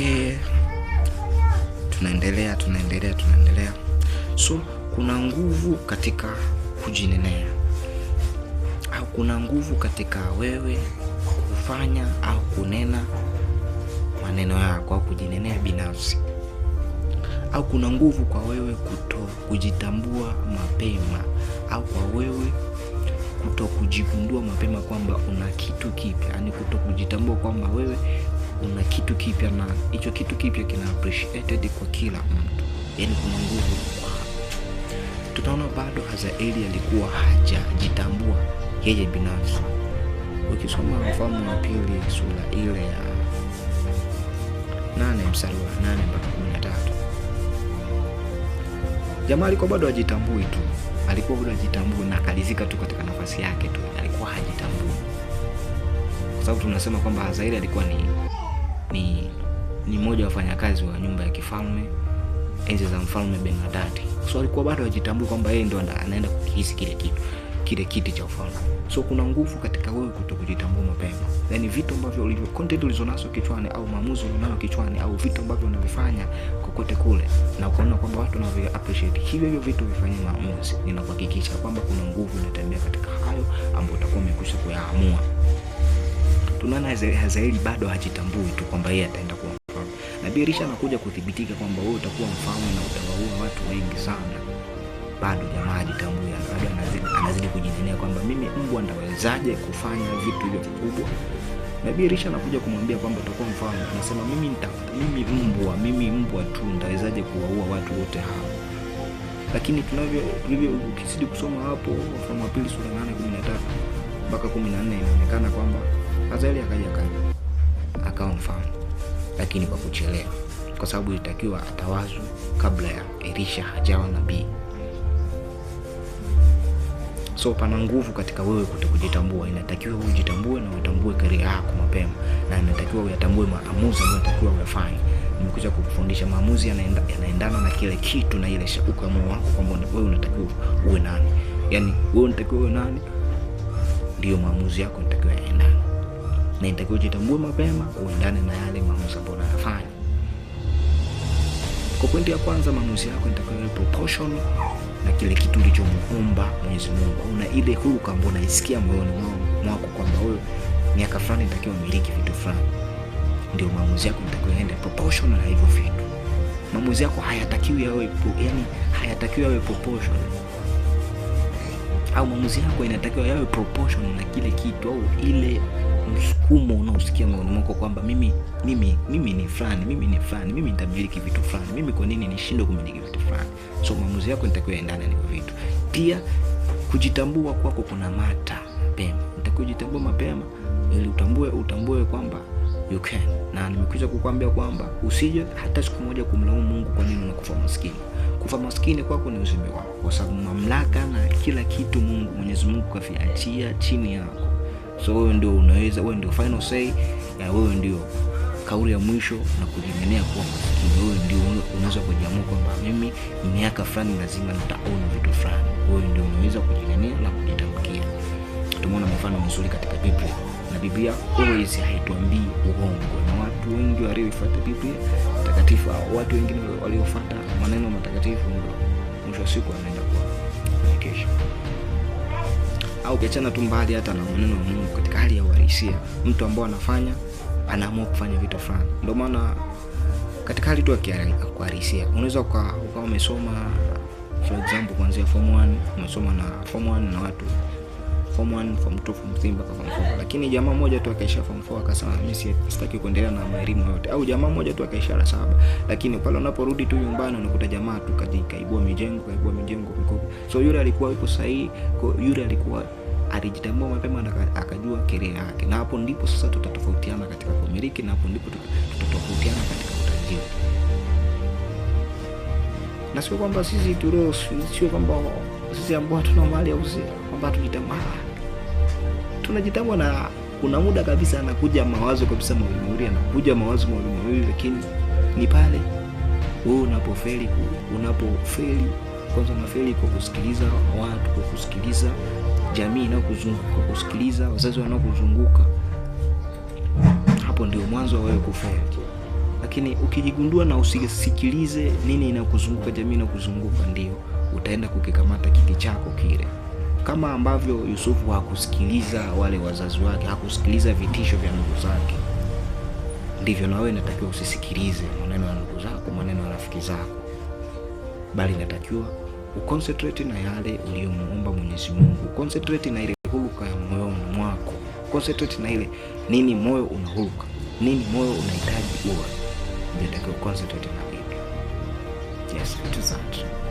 okay. Tunaendelea, tunaendelea, tunaendelea. So kuna nguvu katika kujinenea au kuna nguvu katika wewe kufanya au kunena maneno yako au kujinenea binafsi au kuna nguvu kwa wewe kuto kujitambua mapema au kwa wewe kuto kujigundua mapema kwamba una kitu kipya, yani kuto kujitambua kwamba wewe una kitu kipya, na hicho kitu kipya kina appreciated kwa kila mtu, yaani kuna nguvu. Tunaona bado Hazaeli alikuwa hajajitambua yeye binafsi. Ukisoma Wafalme wa Pili sura ile ya nane msari wa nane mpaka kumi na tatu jamaa alikuwa bado hajitambui tu, alikuwa bado hajitambui na kalizika tu katika nafasi yake tu, alikuwa hajitambui kwa sababu tunasema kwamba Hazaeli alikuwa ni ni ni mmoja wa wafanyakazi wa nyumba ya kifalme enzi za mfalme Benadadi. So alikuwa bado hajitambui kwamba yeye ndo anaenda kukihisi kile kitu kile kiti cha ufalme. So kuna nguvu katika wewe kuto kujitambua mapema, yani vitu ambavyo ulivyo content ulizonazo kichwani au maamuzi ulionayo kichwani au vitu ambavyo unavifanya kokote kule, na ukaona kwamba watu wanavyo appreciate hivyo hivyo vitu, vifanye maamuzi. Ninakuhakikisha kwamba kuna nguvu inatembea katika hayo ambayo utakuwa umekwisha kuyaamua tunaona Hazaeli bado hajitambui tu kwamba yeye ataenda kuwa mfalme, nabii elisha anakuja kuthibitika kwamba wewe utakuwa mfalme na utawaua watu wengi sana. Bado jamaa hajitambui, bado anazidi kujinenea kwamba mimi mbwa ndawezaje kufanya vitu hivyo vikubwa. Nabii Elisha anakuja kumwambia kwamba utakuwa mfalme, anasema mimi nita, mimi mbwa, mimi mbwa tu ndawezaje kuwaua watu wote hao? Lakini tunavyo hivyo ukizidi kusoma hapo mfano wa Pili sura 8:13 mpaka 14 inaonekana kwamba Azaeli akaja akawa mfalme, lakini kwa kuchelewa, kwa sababu ilitakiwa atawazwe kabla ya Elisha hajawa nabii. So pana nguvu katika wewe kuto kujitambua. Inatakiwa ujitambue na utambue kari yako mapema, na inatakiwa uyatambue maamuzi ambayo unatakiwa uyafanye. Nimekuja kukufundisha maamuzi yanaendana na kile kitu na ile shauku ya moyo wako, kwamba wewe unatakiwa uwe nani, yani wewe unatakiwa uwe nani, ndiyo maamuzi yako unatakiwa yaendane na itakiwa ujitambue mapema, uendane na yale maamuzi ambayo unayafanya. Kwa pointi ya kwanza, maamuzi yako inatakiwa iwe proportion na kile kitu ulichomuomba Mwenyezi Mungu. Una ile huruka ambayo unaisikia moyoni mwako kwamba wewe miaka fulani itakiwa umiliki vitu fulani, ndio maamuzi yako itakiwa ende proportion na hivyo vitu. Maamuzi yako hayatakiwi yawe yani, hayatakiwi yawe proportion au maamuzi yako inatakiwa yawe proportion na kile kitu au ile msukumo unaosikia moyoni mwako kwamba mimi mimi mimi ni fulani, mimi ni fulani, mimi nitamiliki vitu fulani, mimi kwa nini nishindwe kumiliki vitu fulani? So maamuzi yako nitakiwa endana na vitu. Pia kujitambua kwako kuna mata mapema, nitakiwa kujitambua mapema ili utambue utambue kwamba you can, na nimekuja kukwambia kwamba usije hata siku moja kumlaumu Mungu kwa nini unakufa maskini. Kufa maskini kwako ni uzembe wako, kwa sababu mamlaka na kila kitu Mungu Mwenyezi Mungu kaviachia chini yako so wewe ndio unaweza, wewe ndio final say, na wewe ndio kauli ya mwisho na kujimenea kuwa maskini. Wewe ndio unaweza kujiamua kwamba mimi miaka fulani lazima nitaona vitu fulani. Wewe ndio unaweza kujimenea na kujitamkia. Tumeona mifano mizuri katika Biblia na Biblia always haituambii uongo, na watu wengi walioifuata Biblia takatifu, watu wengine waliofuata maneno matakatifu, mwisho wa siku anaenda kuwa kesha au kiachana tu mbali hata na maneno ya Mungu, katika hali ya uhalisia, mtu ambao anafanya anaamua kufanya vitu fulani. Ndio maana katika hali tu ya kuhalisia unaweza ukawa umesoma for example kuanzia form 1 umesoma na form 1 na watu form 1 form 2 form 3 mpaka form 4, lakini jamaa mmoja tu akaisha form 4 akasema mimi sitaki kuendelea na elimu yote, au jamaa mmoja tu akaisha la saba. Lakini pale unaporudi tu nyumbani unakuta jamaa tu kaibua mijengo kaibua mijengo mikubwa, so yule alikuwa yuko sahihi, yule alikuwa alijitambua mapema na akajua kile yake, na hapo ndipo sasa tutatofautiana katika kumiliki, na hapo ndipo tutatofautiana katika utajiri na sio kwamba sisi tulio sio kwamba sisi ambao hatuna mali au sisi kwamba tujitamani tunajitambua, na kuna muda kabisa anakuja mawazo kabisa mawili mawili, anakuja mawazo mawili mawili, lakini ni pale wewe unapofeli, unapofeli kwanza unafeli kwa kusikiliza watu, kwa kusikiliza jamii inayokuzunguka, kwa kusikiliza wazazi wanaokuzunguka, hapo ndio mwanzo wa wewe kufeli. Lakini ukijigundua na usisikilize nini inakuzunguka, jamii inakuzunguka, ndio utaenda kukikamata kiti chako kile kama ambavyo Yusufu hakusikiliza wale wazazi wake, hakusikiliza vitisho vya ndugu zake, ndivyo na wewe inatakiwa usisikilize maneno ya ndugu zako, maneno ya rafiki zako, bali inatakiwa uconcentrate na yale uliyomuomba Mwenyezi Mungu, uconcentrate na ile huruka ya moyoni mwako, concentrate na ile nini moyo unahuruka, nini moyo unahitaji uwe, inatakiwa concentrate na hivyo. Yes, it is that.